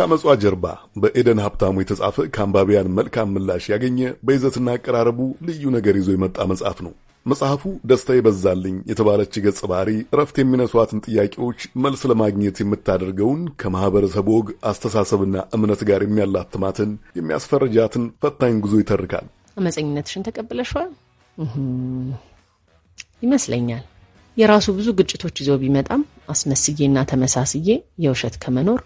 ከአመጿ ጀርባ በኤደን ሀብታሙ የተጻፈ ከአንባቢያን መልካም ምላሽ ያገኘ በይዘትና አቀራረቡ ልዩ ነገር ይዞ የመጣ መጽሐፍ ነው። መጽሐፉ ደስታ ይበዛልኝ የተባለች ገጽ ባህሪ እረፍት የሚነሷትን ጥያቄዎች መልስ ለማግኘት የምታደርገውን ከማኅበረሰብ ወግ አስተሳሰብና እምነት ጋር የሚያላትማትን የሚያስፈርጃትን ፈታኝ ጉዞ ይተርካል። አመፀኝነትሽን ተቀብለሽዋል ይመስለኛል። የራሱ ብዙ ግጭቶች ይዞ ቢመጣም አስመስዬና ተመሳስዬ የውሸት ከመኖር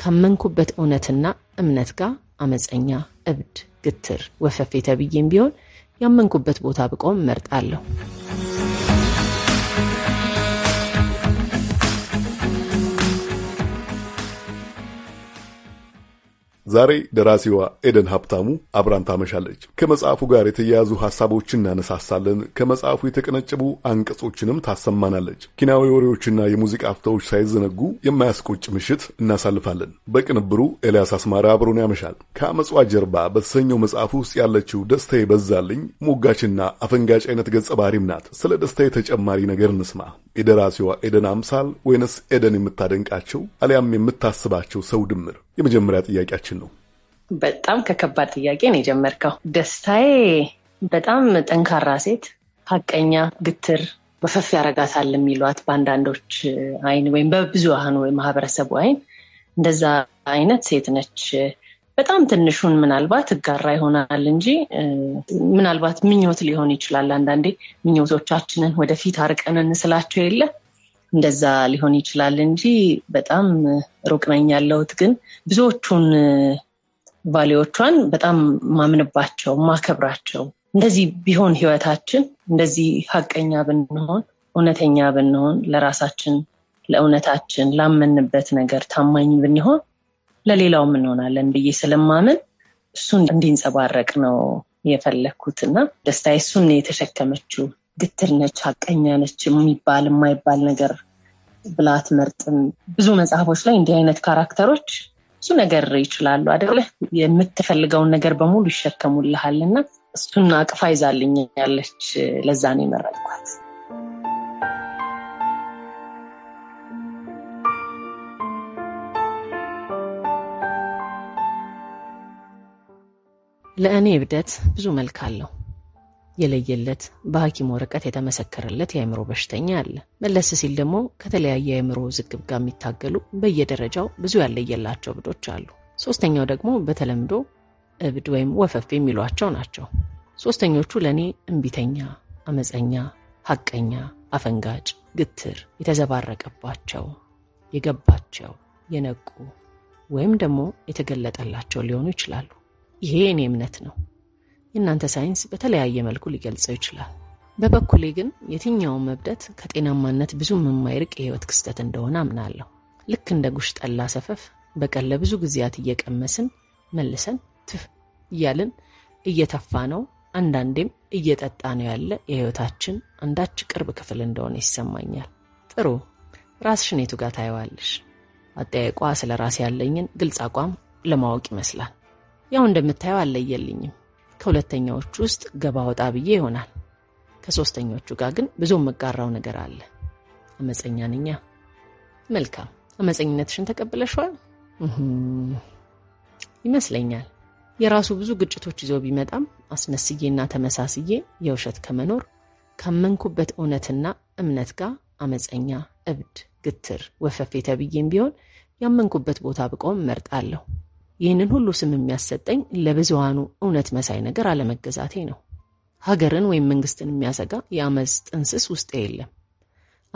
ካመንኩበት እውነትና እምነት ጋር አመፀኛ፣ እብድ፣ ግትር፣ ወፈፌ ተብዬም ቢሆን ያመንኩበት ቦታ ብቆም መርጣለሁ። ዛሬ ደራሲዋ ኤደን ሀብታሙ አብራን ታመሻለች። ከመጽሐፉ ጋር የተያያዙ ሀሳቦችን እናነሳሳለን። ከመጽሐፉ የተቀነጨቡ አንቀጾችንም ታሰማናለች። ኪናዊ ወሬዎችና የሙዚቃ አፍታዎች ሳይዘነጉ የማያስቆጭ ምሽት እናሳልፋለን። በቅንብሩ ኤልያስ አስማሪ አብሮን ያመሻል። ከአመጽዋ ጀርባ በተሰኘው መጽሐፍ ውስጥ ያለችው ደስታ ይበዛልኝ ሞጋችና አፈንጋጭ አይነት ገጸ ባህሪም ናት። ስለ ደስታ የተጨማሪ ነገር እንስማ። የደራሲዋ ኤደን አምሳል ወይንስ ኤደን የምታደንቃቸው አሊያም የምታስባቸው ሰው ድምር የመጀመሪያ ጥያቄያችን ነው። በጣም ከከባድ ጥያቄ ነው የጀመርከው። ደስታዬ በጣም ጠንካራ ሴት፣ ሀቀኛ፣ ግትር በፈፍ ያረጋታል የሚሏት በአንዳንዶች አይን ወይም በብዙሃኑ ማህበረሰቡ አይን እንደዛ አይነት ሴት ነች። በጣም ትንሹን ምናልባት እጋራ ይሆናል እንጂ ምናልባት ምኞት ሊሆን ይችላል። አንዳንዴ ምኞቶቻችንን ወደፊት አርቀን እንስላቸው የለ እንደዛ ሊሆን ይችላል እንጂ በጣም ሩቅ ነኝ ያለሁት። ግን ብዙዎቹን ቫሌዎቿን በጣም ማምንባቸው ማከብራቸው፣ እንደዚህ ቢሆን ህይወታችን፣ እንደዚህ ሀቀኛ ብንሆን፣ እውነተኛ ብንሆን፣ ለራሳችን ለእውነታችን ላመንበት ነገር ታማኝ ብንሆን ለሌላውም እንሆናለን ብዬ ስለማምን እሱን እንዲንጸባረቅ ነው የፈለግኩት እና ደስታ እሱን የተሸከመችው ግትር ነች፣ አቀኛ ነች የሚባል የማይባል ነገር ብላ አትመርጥም። ብዙ መጽሐፎች ላይ እንዲህ አይነት ካራክተሮች ብዙ ነገር ይችላሉ አደለ? የምትፈልገውን ነገር በሙሉ ይሸከሙልሃል እና እሱን አቅፋ ይዛልኝ ያለች ለዛ ነው የመረጥኳት። ለእኔ እብደት ብዙ መልክ አለው። የለየለት በሐኪም ወረቀት የተመሰከረለት የአእምሮ በሽተኛ አለ። መለስ ሲል ደግሞ ከተለያየ የአእምሮ ዝግብ ጋር የሚታገሉ በየደረጃው ብዙ ያለየላቸው እብዶች አሉ። ሶስተኛው ደግሞ በተለምዶ እብድ ወይም ወፈፍ የሚሏቸው ናቸው። ሶስተኞቹ ለእኔ እምቢተኛ፣ አመፀኛ፣ ሐቀኛ፣ አፈንጋጭ፣ ግትር፣ የተዘባረቀባቸው፣ የገባቸው፣ የነቁ ወይም ደግሞ የተገለጠላቸው ሊሆኑ ይችላሉ። ይሄ እኔ እምነት ነው። የእናንተ ሳይንስ በተለያየ መልኩ ሊገልጸው ይችላል። በበኩሌ ግን የትኛውን መብደት ከጤናማነት ብዙም የማይርቅ የህይወት ክስተት እንደሆነ አምናለሁ። ልክ እንደ ጉሽ ጠላ ሰፈፍ በቀን ለብዙ ጊዜያት እየቀመስን መልሰን ትፍ እያልን እየተፋ ነው አንዳንዴም እየጠጣ ነው ያለ የህይወታችን አንዳች ቅርብ ክፍል እንደሆነ ይሰማኛል። ጥሩ ራስሽን የቱ ጋር ታየዋለሽ? አጠያየቋ ስለ ራሴ ያለኝን ግልጽ አቋም ለማወቅ ይመስላል። ያው እንደምታየው አለየልኝም። ከሁለተኛዎቹ ውስጥ ገባ ወጣ ብዬ ይሆናል። ከሶስተኞቹ ጋር ግን ብዙ የምጋራው ነገር አለ። አመፀኛ ነኛ። መልካም አመፀኝነትሽን ተቀብለሸዋል ይመስለኛል። የራሱ ብዙ ግጭቶች ይዞ ቢመጣም አስመስዬና ተመሳስዬ የውሸት ከመኖር ካመንኩበት እውነትና እምነት ጋር አመፀኛ፣ እብድ፣ ግትር፣ ወፈፌ ተብዬም ቢሆን ያመንኩበት ቦታ ብቆም መርጣለሁ። ይህንን ሁሉ ስም የሚያሰጠኝ ለብዙሃኑ እውነት መሳይ ነገር አለመገዛቴ ነው። ሀገርን ወይም መንግስትን የሚያሰጋ የአመፅ ጥንስስ ውስጤ የለም።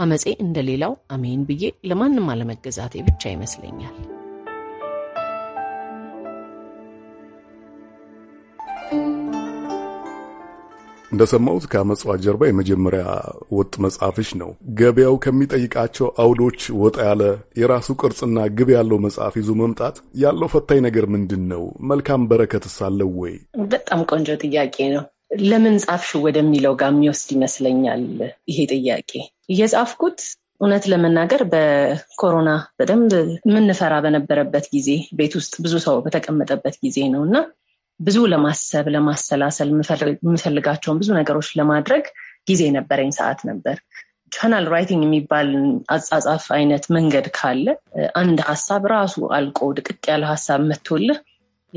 አመፄ እንደሌላው አሜን ብዬ ለማንም አለመገዛቴ ብቻ ይመስለኛል። እንደሰማሁት ከመጽዋት ጀርባ የመጀመሪያ ወጥ መጽሐፍሽ ነው። ገበያው ከሚጠይቃቸው አውዶች ወጣ ያለ የራሱ ቅርጽና ግብ ያለው መጽሐፍ ይዞ መምጣት ያለው ፈታኝ ነገር ምንድን ነው? መልካም በረከትስ አለው ወይ? በጣም ቆንጆ ጥያቄ ነው። ለምን ጻፍሽ ወደሚለው ጋር የሚወስድ ይመስለኛል ይሄ ጥያቄ። እየጻፍኩት እውነት ለመናገር በኮሮና በደንብ የምንፈራ በነበረበት ጊዜ ቤት ውስጥ ብዙ ሰው በተቀመጠበት ጊዜ ነው እና ብዙ ለማሰብ ለማሰላሰል የምፈልጋቸውን ብዙ ነገሮች ለማድረግ ጊዜ ነበረኝ፣ ሰዓት ነበር። ቻናል ራይቲንግ የሚባል አጻጻፍ አይነት መንገድ ካለ አንድ ሀሳብ ራሱ አልቆ ድቅቅ ያለ ሀሳብ መቶልህ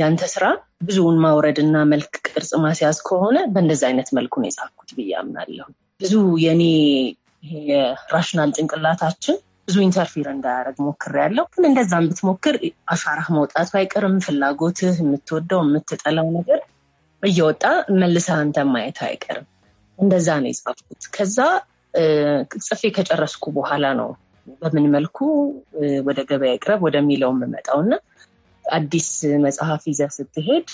ያንተ ስራ ብዙውን ማውረድ እና መልክ ቅርጽ ማስያዝ ከሆነ በእንደዚ አይነት መልኩ ነው የጻፍኩት ብዬ አምናለሁ። ብዙ የኔ የራሽናል ጭንቅላታችን ብዙ ኢንተርፊር እንዳያደረግ ሞክር ያለው ግን እንደዛ ብትሞክር አሻራህ መውጣቱ አይቀርም። ፍላጎትህ፣ የምትወደው የምትጠላው ነገር እየወጣ መልሰህ አንተ ማየት አይቀርም። እንደዛ ነው የጻፍኩት። ከዛ ጽፌ ከጨረስኩ በኋላ ነው በምን መልኩ ወደ ገበያ ይቅረብ ወደሚለው የምመጣው እና አዲስ መጽሐፍ ይዘ ስትሄድ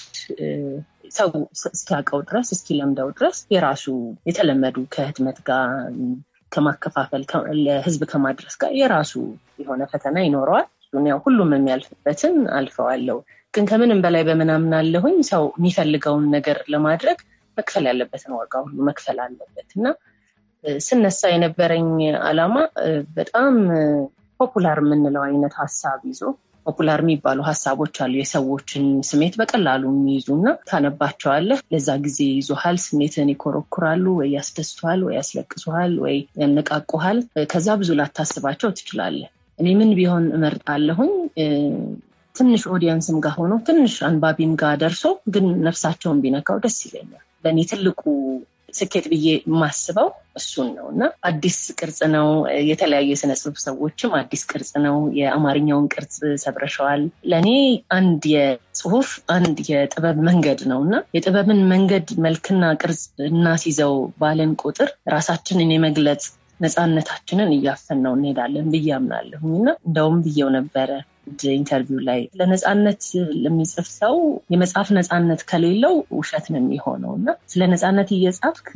ሰው እስኪያውቀው ድረስ እስኪለምደው ድረስ የራሱ የተለመዱ ከህትመት ጋር ከማከፋፈል ለህዝብ ከማድረስ ጋር የራሱ የሆነ ፈተና ይኖረዋል። ያው ሁሉም የሚያልፍበትን አልፈዋለሁ። ግን ከምንም በላይ በምናምን አለሁኝ ሰው የሚፈልገውን ነገር ለማድረግ መክፈል ያለበትን ዋጋ ሁሉ መክፈል አለበት እና ስነሳ የነበረኝ አላማ በጣም ፖፑላር የምንለው አይነት ሀሳብ ይዞ ፖፑላር የሚባሉ ሀሳቦች አሉ። የሰዎችን ስሜት በቀላሉ የሚይዙ እና ታነባቸዋለህ። ለዛ ጊዜ ይዞሃል፣ ስሜትን ይኮረኩራሉ። ወይ ያስደስቷል፣ ወይ ያስለቅሱሃል፣ ወይ ያነቃቁሃል። ከዛ ብዙ ላታስባቸው ትችላለህ። እኔ ምን ቢሆን እመርጣለሁኝ ትንሽ ኦዲየንስም ጋር ሆኖ ትንሽ አንባቢም ጋር ደርሶ ግን ነፍሳቸውን ቢነካው ደስ ይለኛል። ለእኔ ትልቁ ስኬት ብዬ የማስበው እሱን ነው እና አዲስ ቅርጽ ነው። የተለያዩ የስነ ጽሁፍ ሰዎችም አዲስ ቅርጽ ነው፣ የአማርኛውን ቅርጽ ሰብረሸዋል። ለእኔ አንድ የጽሁፍ አንድ የጥበብ መንገድ ነው እና የጥበብን መንገድ መልክና ቅርጽ እናስይዘው ባለን ቁጥር ራሳችንን የመግለጽ ነፃነታችንን እያፈን ነው እንሄዳለን ብዬ አምናለሁኝ እና እንደውም ብዬው ነበረ ኢንተርቪው ላይ ለነፃነት ለሚጽፍ ሰው የመጽሐፍ ነፃነት ከሌለው ውሸት ነው የሚሆነው እና ስለ ነፃነት እየጻፍክ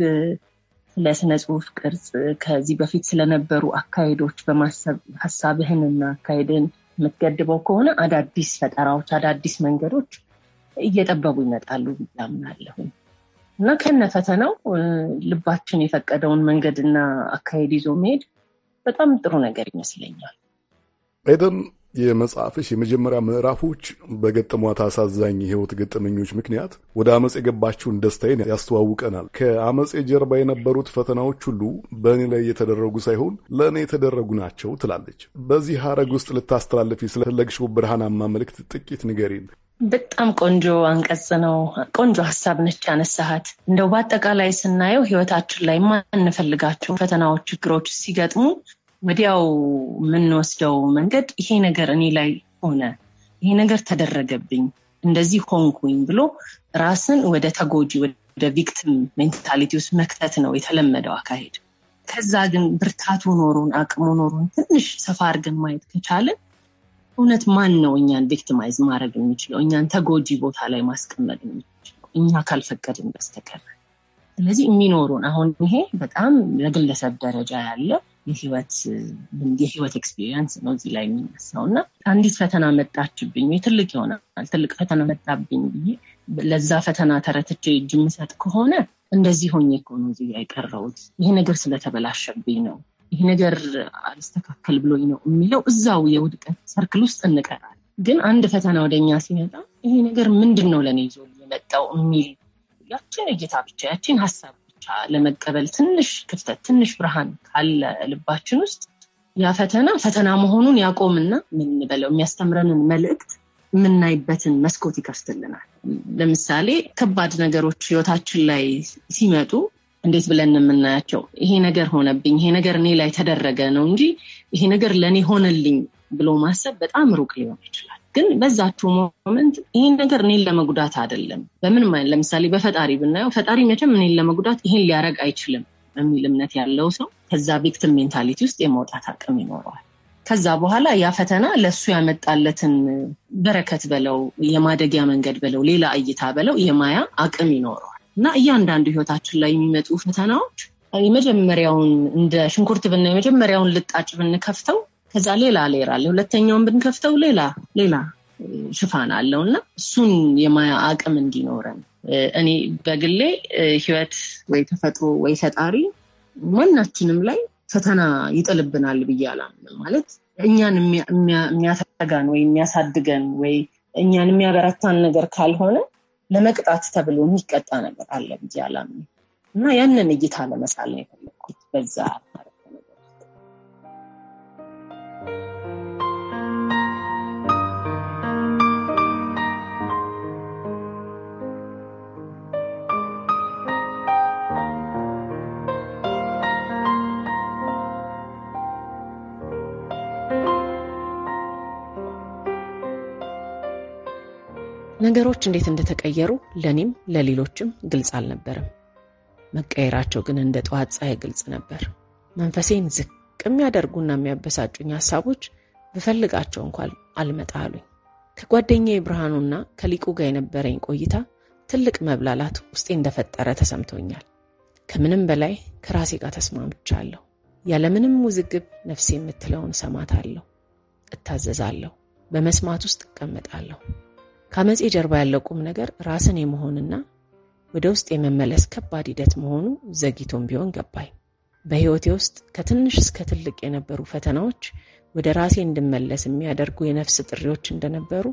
ስለ ስነ ጽሁፍ ቅርጽ ከዚህ በፊት ስለነበሩ አካሄዶች በማሰብ ሀሳብህንና አካሄድህን የምትገድበው ከሆነ አዳዲስ ፈጠራዎች፣ አዳዲስ መንገዶች እየጠበቡ ይመጣሉ ብዬ አምናለሁ እና ከነ ፈተናው ልባችን የፈቀደውን መንገድና አካሄድ ይዞ መሄድ በጣም ጥሩ ነገር ይመስለኛል። ኤደን የመጽሐፍሽ የመጀመሪያ ምዕራፎች በገጠሟት አሳዛኝ የህይወት ገጠመኞች ምክንያት ወደ አመፅ የገባችውን ደስታዬን ያስተዋውቀናል። ከአመፅ ጀርባ የነበሩት ፈተናዎች ሁሉ በእኔ ላይ የተደረጉ ሳይሆን ለእኔ የተደረጉ ናቸው ትላለች። በዚህ ሀረግ ውስጥ ልታስተላልፊ ስለፈለግሽው ብርሃናማ መልእክት ጥቂት ንገሪን። በጣም ቆንጆ አንቀጽ ነው። ቆንጆ ሀሳብ ነች ያነሳሃት። እንደው በአጠቃላይ ስናየው ህይወታችን ላይ ማንፈልጋቸው ፈተናዎች፣ ችግሮች ሲገጥሙ ወዲያው የምንወስደው መንገድ ይሄ ነገር እኔ ላይ ሆነ፣ ይሄ ነገር ተደረገብኝ፣ እንደዚህ ሆንኩኝ ብሎ ራስን ወደ ተጎጂ ወደ ቪክቲም ሜንታሊቲ ውስጥ መክተት ነው የተለመደው አካሄድ። ከዛ ግን ብርታቱ ኖሩን አቅሙ ኖሩን ትንሽ ሰፋ አድርገን ማየት ከቻለን እውነት ማን ነው እኛን ቪክቲማይዝ ማድረግ የሚችለው እኛን ተጎጂ ቦታ ላይ ማስቀመጥ የሚችለው እኛ ካልፈቀድን በስተቀር። ስለዚህ የሚኖሩን አሁን ይሄ በጣም ለግለሰብ ደረጃ ያለ የህይወት የህይወት ኤክስፒሪየንስ ነው እዚህ ላይ የሚነሳው እና አንዲት ፈተና መጣችብኝ ትልቅ ይሆናል ትልቅ ፈተና መጣብኝ ብዬ ለዛ ፈተና ተረትቼ እጅ ምሰጥ ከሆነ እንደዚህ ሆኜ እኮ ነው እዚህ ይሄ ነገር ስለተበላሸብኝ ነው ይሄ ነገር አልስተካከል ብሎኝ ነው የሚለው እዛው የውድቀት ሰርክል ውስጥ እንቀራል ግን አንድ ፈተና ወደኛ ሲመጣ ይሄ ነገር ምንድን ነው ለእኔ ይዞ የመጣው የሚል ያችን እይታ ብቻ ያችን ሀሳብ ለመቀበል ትንሽ ክፍተት፣ ትንሽ ብርሃን ካለ ልባችን ውስጥ ያ ፈተና ፈተና መሆኑን ያቆምና ምን በለው የሚያስተምረንን መልእክት የምናይበትን መስኮት ይከፍትልናል። ለምሳሌ ከባድ ነገሮች ህይወታችን ላይ ሲመጡ እንዴት ብለን የምናያቸው ይሄ ነገር ሆነብኝ፣ ይሄ ነገር እኔ ላይ ተደረገ ነው እንጂ ይሄ ነገር ለእኔ ሆነልኝ ብሎ ማሰብ በጣም ሩቅ ሊሆን ይችላል። ግን በዛችው ሞመንት ይህን ነገር እኔን ለመጉዳት አይደለም። በምን ለምሳሌ በፈጣሪ ብናየው ፈጣሪ መቼም እኔን ለመጉዳት ይህን ሊያደርግ አይችልም የሚል እምነት ያለው ሰው ከዛ ቪክትም ሜንታሊቲ ውስጥ የመውጣት አቅም ይኖረዋል። ከዛ በኋላ ያ ፈተና ለእሱ ያመጣለትን በረከት በለው የማደጊያ መንገድ በለው ሌላ እይታ በለው የማያ አቅም ይኖረዋል እና እያንዳንዱ ህይወታችን ላይ የሚመጡ ፈተናዎች የመጀመሪያውን እንደ ሽንኩርት ብና የመጀመሪያውን ልጣጭ ብንከፍተው ከዛ ሌላ ሌራ አለ። ሁለተኛውን ብንከፍተው ሌላ ሌላ ሽፋን አለው እና እሱን የማያ አቅም እንዲኖረን እኔ በግሌ ህይወት ወይ ተፈጥሮ ወይ ፈጣሪ ማናችንም ላይ ፈተና ይጥልብናል ብዬ አላምንም። ማለት እኛን የሚያሰጋን ወይ የሚያሳድገን ወይ እኛን የሚያበረታን ነገር ካልሆነ ለመቅጣት ተብሎ የሚቀጣ ነገር አለ ብዬ አላምንም እና ያንን እይታ ለመሳል ነው የፈለግኩት በዛ ነገሮች እንዴት እንደተቀየሩ ለእኔም ለሌሎችም ግልጽ አልነበርም። መቀየራቸው ግን እንደ ጠዋት ፀሐይ ግልጽ ነበር። መንፈሴን ዝቅ የሚያደርጉና የሚያበሳጩኝ ሀሳቦች ብፈልጋቸው እንኳን አልመጣ አሉኝ። ከጓደኛዬ ብርሃኑና ከሊቁ ጋር የነበረኝ ቆይታ ትልቅ መብላላት ውስጤ እንደፈጠረ ተሰምቶኛል። ከምንም በላይ ከራሴ ጋር ተስማምቻለሁ። ያለምንም ውዝግብ ነፍሴ የምትለውን ሰማታለሁ፣ እታዘዛለሁ፣ በመስማት ውስጥ እቀመጣለሁ። ከአመፄ ጀርባ ያለው ቁም ነገር ራስን የመሆንና ወደ ውስጥ የመመለስ ከባድ ሂደት መሆኑ ዘግይቶም ቢሆን ገባኝ። በሕይወቴ ውስጥ ከትንሽ እስከ ትልቅ የነበሩ ፈተናዎች ወደ ራሴ እንድመለስ የሚያደርጉ የነፍስ ጥሪዎች እንደነበሩ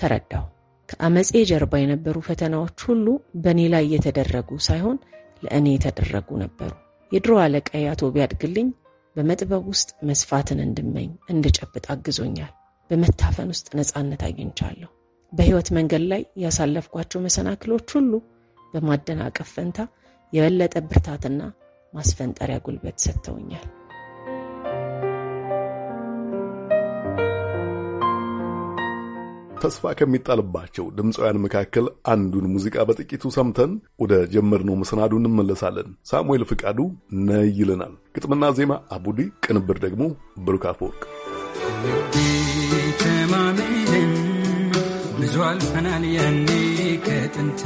ተረዳሁ። ከአመፄ ጀርባ የነበሩ ፈተናዎች ሁሉ በእኔ ላይ የተደረጉ ሳይሆን ለእኔ የተደረጉ ነበሩ። የድሮ አለቃ አቶ ቢያድግልኝ በመጥበብ ውስጥ መስፋትን እንድመኝ እንድጨብጥ አግዞኛል። በመታፈን ውስጥ ነፃነት አግኝቻለሁ። በሕይወት መንገድ ላይ ያሳለፍኳቸው መሰናክሎች ሁሉ በማደናቀፍ ፈንታ የበለጠ ብርታትና ማስፈንጠሪያ ጉልበት ሰጥተውኛል። ተስፋ ከሚጣልባቸው ድምፃውያን መካከል አንዱን ሙዚቃ በጥቂቱ ሰምተን ወደ ጀመርነው መሰናዱ እንመለሳለን። ሳሙኤል ፍቃዱ ነይ ይለናል። ግጥምና ዜማ አቡዲ፣ ቅንብር ደግሞ ብሩክ አፈወርቅ ብዙ አልፈናል ያኔ ከጥንት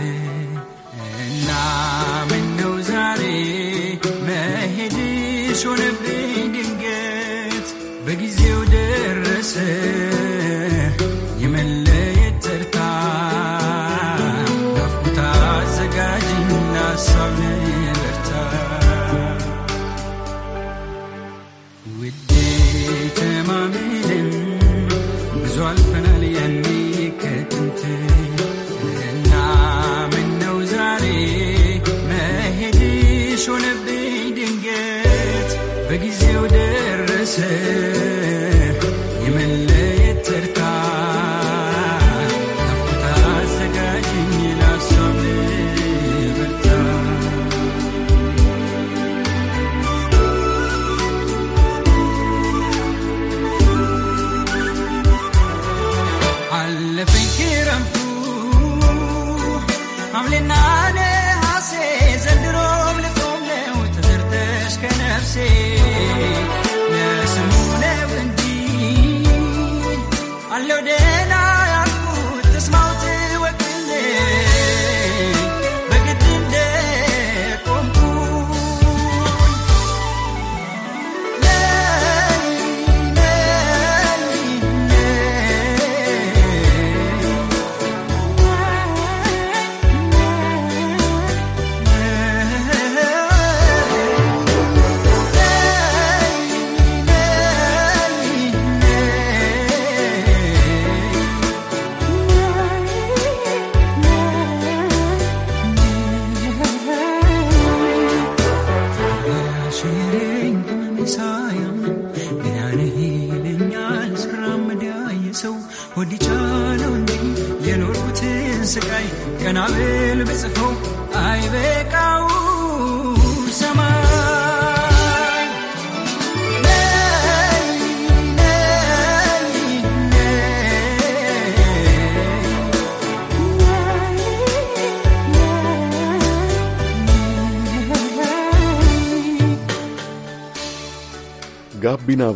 እና ዛሬ መሄድሽ ሆነብኝ ድንገት በጊዜው ደረሰ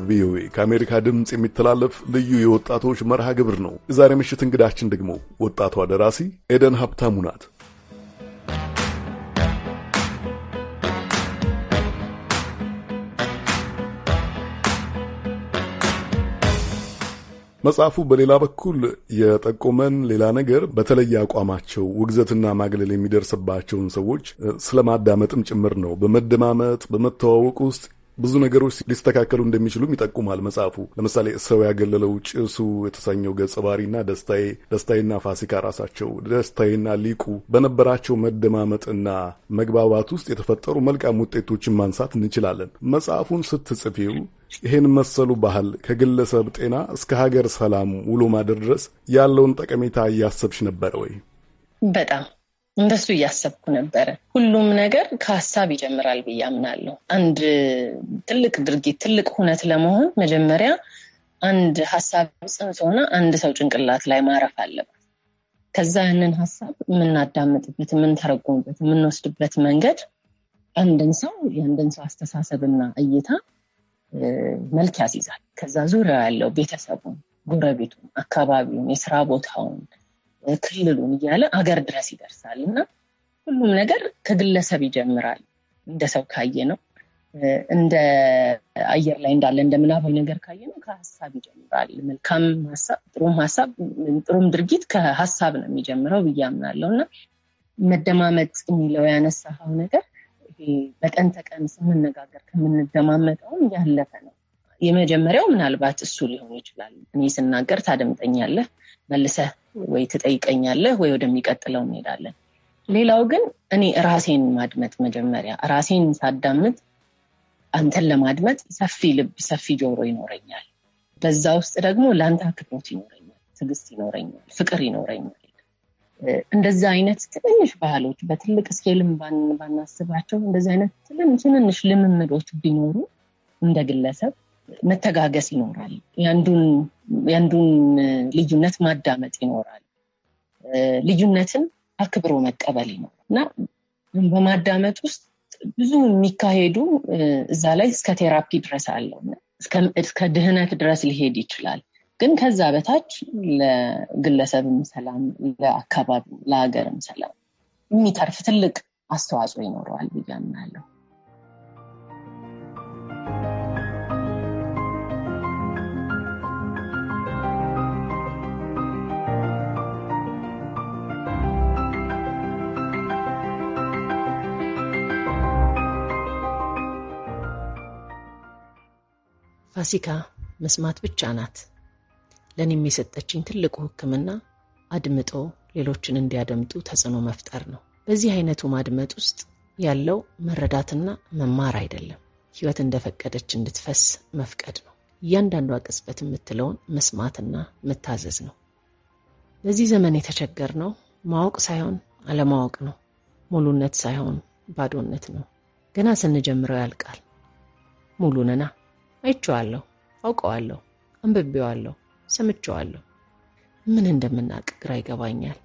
ቪኦኤ ከአሜሪካ ድምፅ የሚተላለፍ ልዩ የወጣቶች መርሃ ግብር ነው። የዛሬ ምሽት እንግዳችን ደግሞ ወጣቷ ደራሲ ኤደን ሀብታሙ ናት። መጽሐፉ በሌላ በኩል የጠቆመን ሌላ ነገር በተለየ አቋማቸው ውግዘትና ማግለል የሚደርስባቸውን ሰዎች ስለማዳመጥም ጭምር ነው። በመደማመጥ በመተዋወቅ ውስጥ ብዙ ነገሮች ሊስተካከሉ እንደሚችሉም ይጠቁማል መጽሐፉ። ለምሳሌ ሰው ያገለለው ጭሱ የተሰኘው ገጸ ባህሪና ደስታዬ ደስታዬና ፋሲካ ራሳቸው ደስታዬና ሊቁ በነበራቸው መደማመጥና መግባባት ውስጥ የተፈጠሩ መልካም ውጤቶችን ማንሳት እንችላለን። መጽሐፉን ስትጽፊው ይህን መሰሉ ባህል ከግለሰብ ጤና እስከ ሀገር ሰላም ውሎ ማደር ድረስ ያለውን ጠቀሜታ እያሰብሽ ነበረ ወይ? በጣም እንደሱ እያሰብኩ ነበረ። ሁሉም ነገር ከሀሳብ ይጀምራል ብዬ አምናለሁ። አንድ ትልቅ ድርጊት፣ ትልቅ ሁነት ለመሆን መጀመሪያ አንድ ሀሳብ ጽንስ ሆነ አንድ ሰው ጭንቅላት ላይ ማረፍ አለበት። ከዛ ያንን ሀሳብ የምናዳምጥበት፣ የምንተረጉምበት፣ የምንወስድበት መንገድ አንድን ሰው የአንድን ሰው አስተሳሰብና እይታ መልክ ያስይዛል። ከዛ ዙሪያ ያለው ቤተሰቡን፣ ጎረቤቱን፣ አካባቢውን፣ የስራ ቦታውን ክልሉን እያለ አገር ድረስ ይደርሳል እና ሁሉም ነገር ከግለሰብ ይጀምራል። እንደ ሰው ካየ ነው እንደ አየር ላይ እንዳለ እንደ ምናባዊ ነገር ካየ ነው ከሀሳብ ይጀምራል። መልካም ሀሳብ፣ ጥሩም ሀሳብ፣ ጥሩም ድርጊት ከሀሳብ ነው የሚጀምረው ብዬ አምናለሁ እና መደማመጥ የሚለው ያነሳኸው ነገር በቀን ተቀን ስንነጋገር ከምንደማመጠውም ያለፈ ነው። የመጀመሪያው ምናልባት እሱ ሊሆን ይችላል። እኔ ስናገር ታደምጠኛለህ መልሰህ ወይ ትጠይቀኛለህ ወይ ወደሚቀጥለው እንሄዳለን። ሌላው ግን እኔ ራሴን ማድመጥ መጀመሪያ ራሴን ሳዳምጥ አንተን ለማድመጥ ሰፊ ልብ፣ ሰፊ ጆሮ ይኖረኛል። በዛ ውስጥ ደግሞ ለአንተ አክብሮት ይኖረኛል፣ ትዕግስት ይኖረኛል፣ ፍቅር ይኖረኛል። እንደዛ አይነት ትንንሽ ባህሎች በትልቅ ስኬልም ባናስባቸው እንደዚ አይነት ትንንሽ ልምምዶች ቢኖሩ እንደ ግለሰብ መተጋገስ ይኖራል። የአንዱን ልዩነት ማዳመጥ ይኖራል። ልዩነትን አክብሮ መቀበል ይኖራል እና በማዳመጥ ውስጥ ብዙ የሚካሄዱ እዛ ላይ እስከ ቴራፒ ድረስ አለው እስከ ድህነት ድረስ ሊሄድ ይችላል። ግን ከዛ በታች ለግለሰብም ሰላም፣ ለአካባቢ፣ ለሀገርም ሰላም የሚተርፍ ትልቅ አስተዋጽኦ ይኖረዋል ብዬ አምናለሁ። ፋሲካ መስማት ብቻ ናት። ለእኔም የሰጠችኝ ትልቁ ሕክምና አድምጦ ሌሎችን እንዲያደምጡ ተጽዕኖ መፍጠር ነው። በዚህ አይነቱ ማድመጥ ውስጥ ያለው መረዳትና መማር አይደለም፣ ህይወት እንደፈቀደች እንድትፈስ መፍቀድ ነው። እያንዳንዷ ቅጽበት የምትለውን መስማትና መታዘዝ ነው። በዚህ ዘመን የተቸገርነው ማወቅ ሳይሆን አለማወቅ ነው። ሙሉነት ሳይሆን ባዶነት ነው። ገና ስንጀምረው ያልቃል። ሙሉ ነና አይቼዋለሁ፣ አውቀዋለሁ፣ አንብቤዋለሁ፣ ሰምቼዋለሁ። ምን እንደምናቅ ግራ ይገባኛል።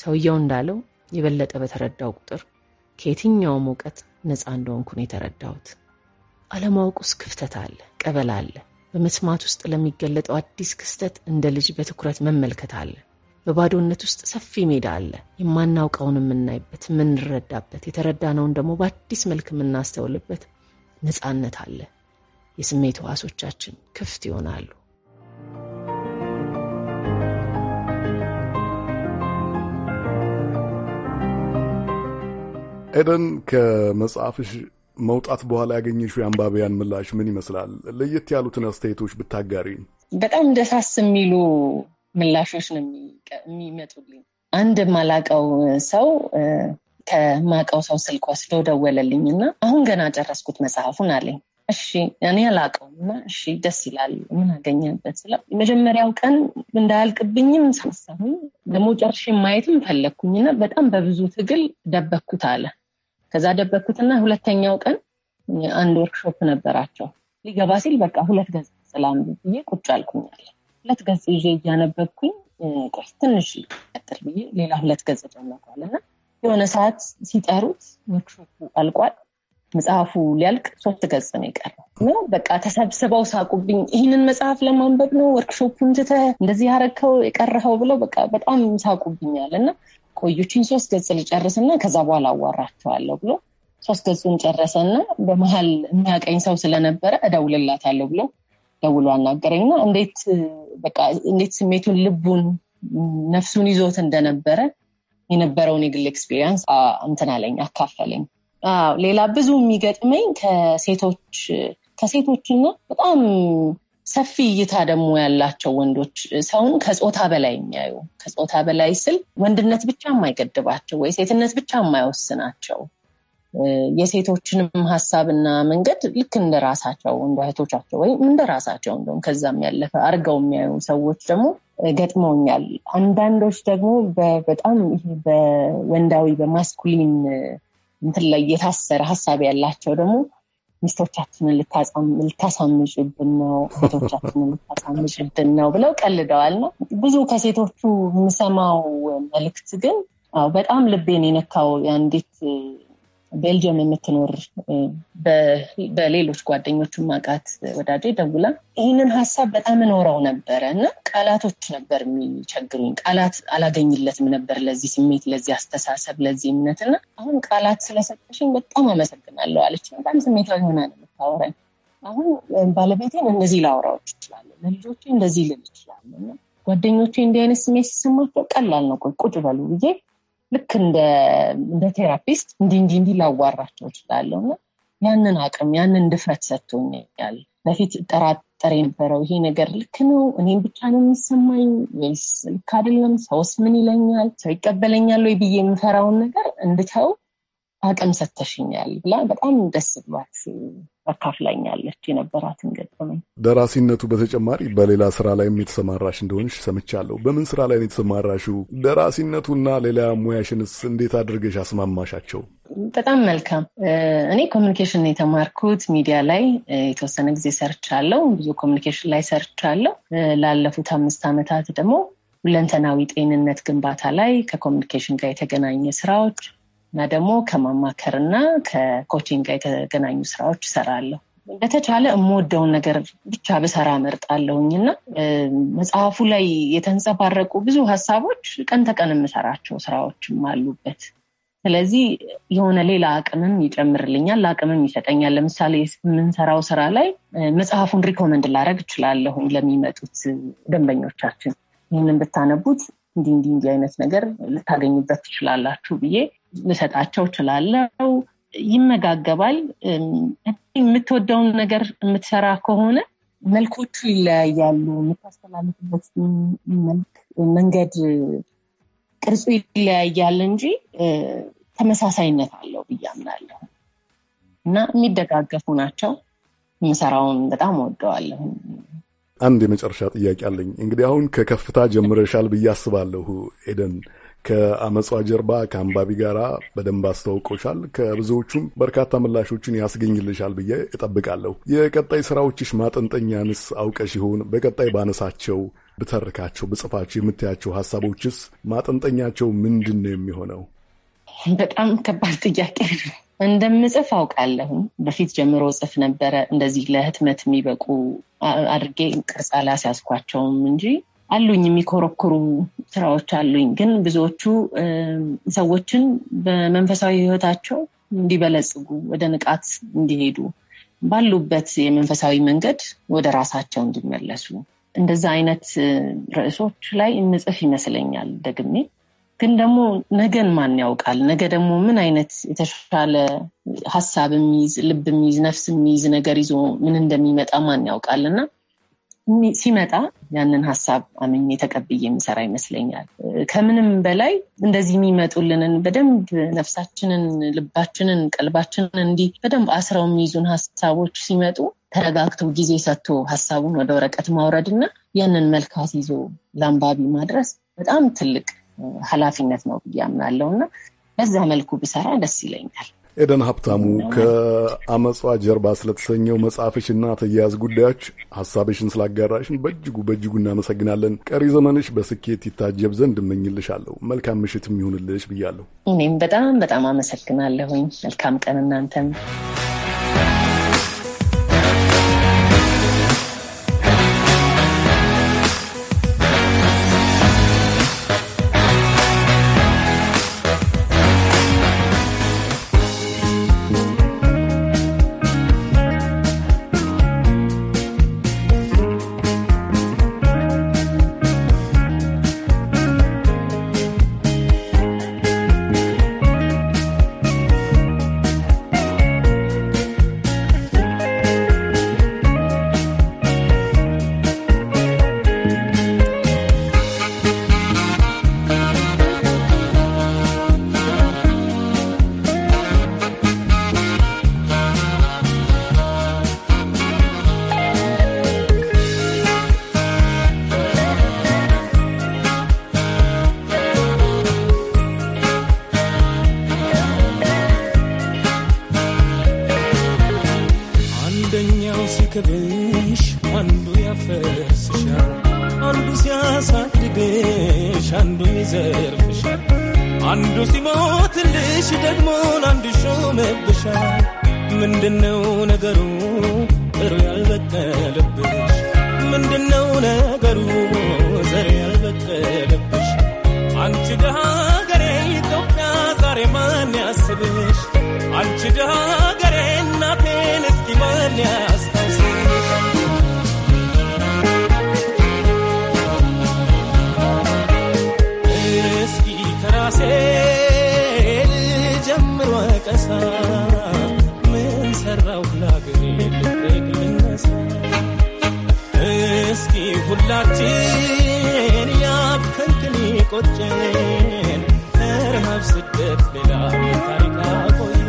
ሰውየው እንዳለው የበለጠ በተረዳው ቁጥር ከየትኛውም እውቀት ነፃ እንደሆንኩ ነው የተረዳሁት። አለማወቅ ውስጥ ክፍተት አለ፣ ቀበል አለ። በመስማት ውስጥ ለሚገለጠው አዲስ ክስተት እንደ ልጅ በትኩረት መመልከት አለ። በባዶነት ውስጥ ሰፊ ሜዳ አለ። የማናውቀውን የምናይበት፣ የምንረዳበት፣ የተረዳነውን ደግሞ በአዲስ መልክ የምናስተውልበት ነፃነት አለ። የስሜት ህዋሶቻችን ክፍት ይሆናሉ። ኤደን ከመጽሐፍሽ መውጣት በኋላ ያገኘሽው የአንባቢያን ምላሽ ምን ይመስላል? ለየት ያሉትን አስተያየቶች ብታጋሪ። በጣም ደሳስ የሚሉ ምላሾች ነው የሚመጡልኝ። አንድ የማላቀው ሰው ከማቀው ሰው ስልክ ወስዶ ደወለልኝ እና አሁን ገና ጨረስኩት መጽሐፉን አለኝ። እሺ እኔ አላውቀውም እና እሺ ደስ ይላል ምን አገኘበት ስለው የመጀመሪያው ቀን እንዳያልቅብኝም ሳሳሁኝ ደግሞ ጨርሼ ማየትም ፈለግኩኝ እና በጣም በብዙ ትግል ደበኩት አለ። ከዛ ደበኩትና ሁለተኛው ቀን አንድ ወርክሾፕ ነበራቸው። ሊገባ ሲል በቃ ሁለት ገጽ ስላም ብዬ ቁጭ አልኩኛል። ሁለት ገጽ ይዤ እያነበብኩኝ ቆይ ትንሽ ቀጥር ብዬ ሌላ ሁለት ገጽ ጀመቋል እና የሆነ ሰዓት ሲጠሩት ወርክሾፑ አልቋል። መጽሐፉ ሊያልቅ ሶስት ገጽ ነው የቀረው በቃ ተሰብስበው ሳቁብኝ። ይህንን መጽሐፍ ለማንበብ ነው ወርክሾፑን ትተህ እንደዚህ ያረከው የቀረኸው ብለው በቃ በጣም ሳቁብኛል። እና ቆዩችን ሶስት ገጽ ልጨርስና ከዛ በኋላ አዋራቸዋለሁ ብሎ ሶስት ገጹን ጨረሰና በመሀል የሚያቀኝ ሰው ስለነበረ እደውልላታለሁ ብሎ ደውሎ አናገረኝና እንዴት በቃ እንዴት ስሜቱን ልቡን ነፍሱን ይዞት እንደነበረ የነበረውን የግል ኤክስፒሪየንስ እንትን አለኝ አካፈለኝ። ሌላ ብዙ የሚገጥመኝ ከሴቶች ከሴቶችና በጣም ሰፊ እይታ ደግሞ ያላቸው ወንዶች ሰውን ከጾታ በላይ የሚያዩ ከጾታ በላይ ስል ወንድነት ብቻ የማይገድባቸው ወይ ሴትነት ብቻ የማይወስናቸው የሴቶችንም ሀሳብና መንገድ ልክ እንደ ራሳቸው እንደ እህቶቻቸው ወይም እንደ ራሳቸው እንደውም ከዛም ያለፈ አድርገው የሚያዩ ሰዎች ደግሞ ገጥመውኛል። አንዳንዶች ደግሞ በጣም በወንዳዊ በማስኩሊን እንትን ላይ የታሰረ ሀሳብ ያላቸው ደግሞ ሚስቶቻችንን ልታሳምጭብን ነው፣ ሴቶቻችንን ልታሳምጭብን ነው ብለው ቀልደዋል። ነው ብዙ ከሴቶቹ የምሰማው መልእክት ግን በጣም ልቤን የነካው የአንዲት ቤልጅየም የምትኖር በሌሎች ጓደኞቹ ማቃት ወዳጄ ደውላ ይህንን ሀሳብ በጣም እኖረው ነበረ እና ቃላቶች ነበር የሚቸግሩኝ። ቃላት አላገኝለትም ነበር ለዚህ ስሜት፣ ለዚህ አስተሳሰብ፣ ለዚህ እምነት እና አሁን ቃላት ስለሰጠሽኝ በጣም አመሰግናለሁ አለች። በጣም ስሜታዊ ሆና ነው የምታወራኝ። አሁን ባለቤቴን እንደዚህ ላውራዎች ይችላለ፣ ለልጆቼ እንደዚህ ልል ይችላለ። ጓደኞቼ እንዲህ አይነት ስሜት ሲሰማቸው ቀላል ነው ቁጭ በሉ ብዬ ልክ እንደ ቴራፒስት እንዲ እንዲ እንዲ ላዋራቸው እችላለሁ እና ያንን አቅም ያንን ድፍረት ሰጥቶኛል። በፊት ጠራጠር የነበረው ይሄ ነገር ልክ ነው፣ እኔም ብቻ ነው የሚሰማኝ ወይስ ልክ አይደለም፣ ሰውስ ምን ይለኛል፣ ሰው ይቀበለኛል ወይ ብዬ የምፈራውን ነገር እንድተው አቅም ሰተሽኛል ብላ በጣም ደስ ብሏት አካፍላኛለች የነበራትን ገጠመኝ። ደራሲነቱ በተጨማሪ በሌላ ስራ ላይም የተሰማራሽ እንደሆንሽ ሰምቻለሁ። በምን ስራ ላይ ነው የተሰማራሽው? ደራሲነቱና ሌላ ሙያሽንስ እንዴት አድርገሽ አስማማሻቸው? በጣም መልካም። እኔ ኮሚኒኬሽን የተማርኩት ሚዲያ ላይ የተወሰነ ጊዜ ሰርቻለሁ። ብዙ ኮሚኒኬሽን ላይ ሰርቻለሁ። ላለፉት አምስት ዓመታት ደግሞ ሁለንተናዊ ጤንነት ግንባታ ላይ ከኮሚኒኬሽን ጋር የተገናኘ ስራዎች እና ደግሞ ከማማከር እና ከኮቺንግ ጋር የተገናኙ ስራዎች እሰራለሁ። በተቻለ የምወደውን ነገር ብቻ ብሰራ እመርጣለሁኝ እና መጽሐፉ ላይ የተንጸባረቁ ብዙ ሀሳቦች ቀን ተቀን የምሰራቸው ስራዎችም አሉበት። ስለዚህ የሆነ ሌላ አቅምም ይጨምርልኛል፣ አቅምም ይሰጠኛል። ለምሳሌ የምንሰራው ስራ ላይ መጽሐፉን ሪኮመንድ ላደርግ እችላለሁ ለሚመጡት ደንበኞቻችን ይህንን ብታነቡት እንዲህ እንዲህ እንዲህ አይነት ነገር ልታገኙበት ትችላላችሁ ብዬ ልሰጣቸው እችላለሁ። ይመጋገባል። የምትወደውን ነገር የምትሰራ ከሆነ መልኮቹ ይለያያሉ። የምታስተላልፍበት መልክ፣ መንገድ፣ ቅርጹ ይለያያል እንጂ ተመሳሳይነት አለው ብዬ አምናለሁ እና የሚደጋገፉ ናቸው። የምሰራውን በጣም ወደዋለሁ። አንድ የመጨረሻ ጥያቄ አለኝ። እንግዲህ አሁን ከከፍታ ጀምረሻል ብዬ አስባለሁ ኤደን ከአመፃ ጀርባ ከአንባቢ ጋራ በደንብ አስተዋውቆሻል። ከብዙዎቹም በርካታ ምላሾችን ያስገኝልሻል ብዬ እጠብቃለሁ። የቀጣይ ስራዎችሽ ማጠንጠኛንስ አውቀሽ ይሆን? በቀጣይ ባነሳቸው ብተርካቸው፣ ብጽፋቸው የምታያቸው ሀሳቦችስ ማጠንጠኛቸው ምንድን ነው የሚሆነው? በጣም ከባድ ጥያቄ ነው። እንደምጽፍ አውቃለሁ። በፊት ጀምሮ ጽፍ ነበረ። እንደዚህ ለህትመት የሚበቁ አድርጌ ቅርጻ ላስያዝኳቸውም እንጂ አሉኝ የሚኮረኩሩ ስራዎች አሉኝ። ግን ብዙዎቹ ሰዎችን በመንፈሳዊ ህይወታቸው እንዲበለጽጉ ወደ ንቃት እንዲሄዱ ባሉበት የመንፈሳዊ መንገድ ወደ ራሳቸው እንዲመለሱ እንደዛ አይነት ርዕሶች ላይ እንጽፍ ይመስለኛል። ደግሜ ግን ደግሞ ነገን ማን ያውቃል? ነገ ደግሞ ምን አይነት የተሻለ ሀሳብ የሚይዝ ልብ የሚይዝ ነፍስ የሚይዝ ነገር ይዞ ምን እንደሚመጣ ማን ያውቃል እና ሲመጣ ያንን ሀሳብ አምኜ ተቀብዬ የምሰራ ይመስለኛል። ከምንም በላይ እንደዚህ የሚመጡልንን በደንብ ነፍሳችንን፣ ልባችንን፣ ቀልባችንን እንዲህ በደንብ አስረው የሚይዙን ሀሳቦች ሲመጡ ተረጋግቶ ጊዜ ሰጥቶ ሀሳቡን ወደ ወረቀት ማውረድና ያንን መልካት ይዞ ለአንባቢ ማድረስ በጣም ትልቅ ኃላፊነት ነው ብዬ አምናለሁ እና በዛ መልኩ ብሰራ ደስ ይለኛል። ኤደን ሀብታሙ ከአመፃ ጀርባ ስለተሰኘው መጽሐፍሽና ተያያዝ ጉዳዮች ሀሳብሽን ስላጋራሽን በእጅጉ በእጅጉ እናመሰግናለን። ቀሪ ዘመንሽ በስኬት ይታጀብ ዘንድ እመኝልሻለሁ። መልካም ምሽት የሚሆንልሽ ብያለሁ። እኔም በጣም በጣም አመሰግናለሁኝ። መልካም ቀን እናንተም ያስቆጨን ረሃብ፣ ስደት፣ ሌላ ታሪክ ቆየ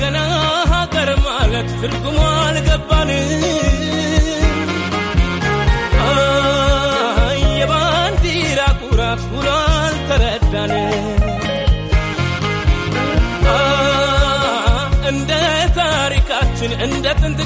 ገና ሀገር ማለት ትርጉሙ አልገባን የባንዲራ ኩራት ሁሉ አልተረዳን እንደ ታሪካችን እንደ ጥንት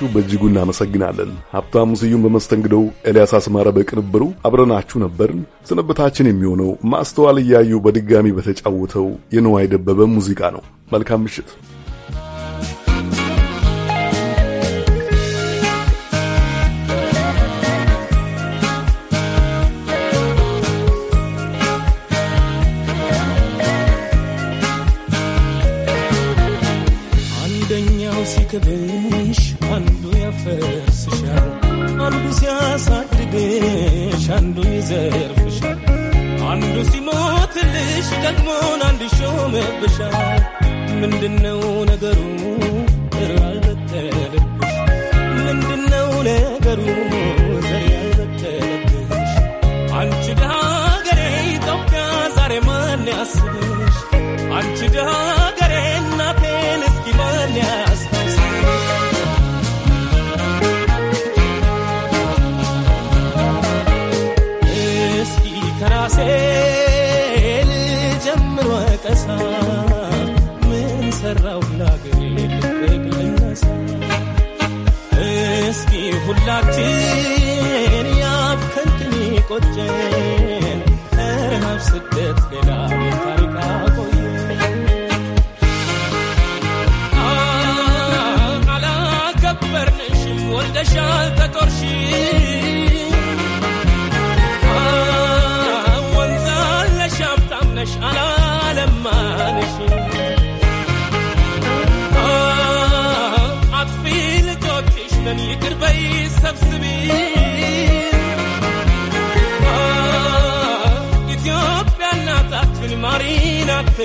ስለሆናችሁ በእጅጉ እናመሰግናለን። ሀብታሙ ስዩም በመስተንግደው፣ ኤልያስ አስማረ በቅንብሩ አብረናችሁ ነበርን። ስንብታችን የሚሆነው ማስተዋል እያዩ በድጋሚ በተጫወተው የንዋይ ደበበ ሙዚቃ ነው። መልካም ምሽት። Could ይረብሻል ምንድነው ነገሩ ፍቅራችን ያብከንትን ቆጨን ረሃብ ስደት ሌላ ታሪካ ቆየ አላከበርንሽም ወልደሻል ተጦርሽ ወንዛለሽ አብጣምነሽ አላለማንሽ ነን ይቅር በይ ሰብስቢ ኢትዮጵያ እናታችን ማሪናት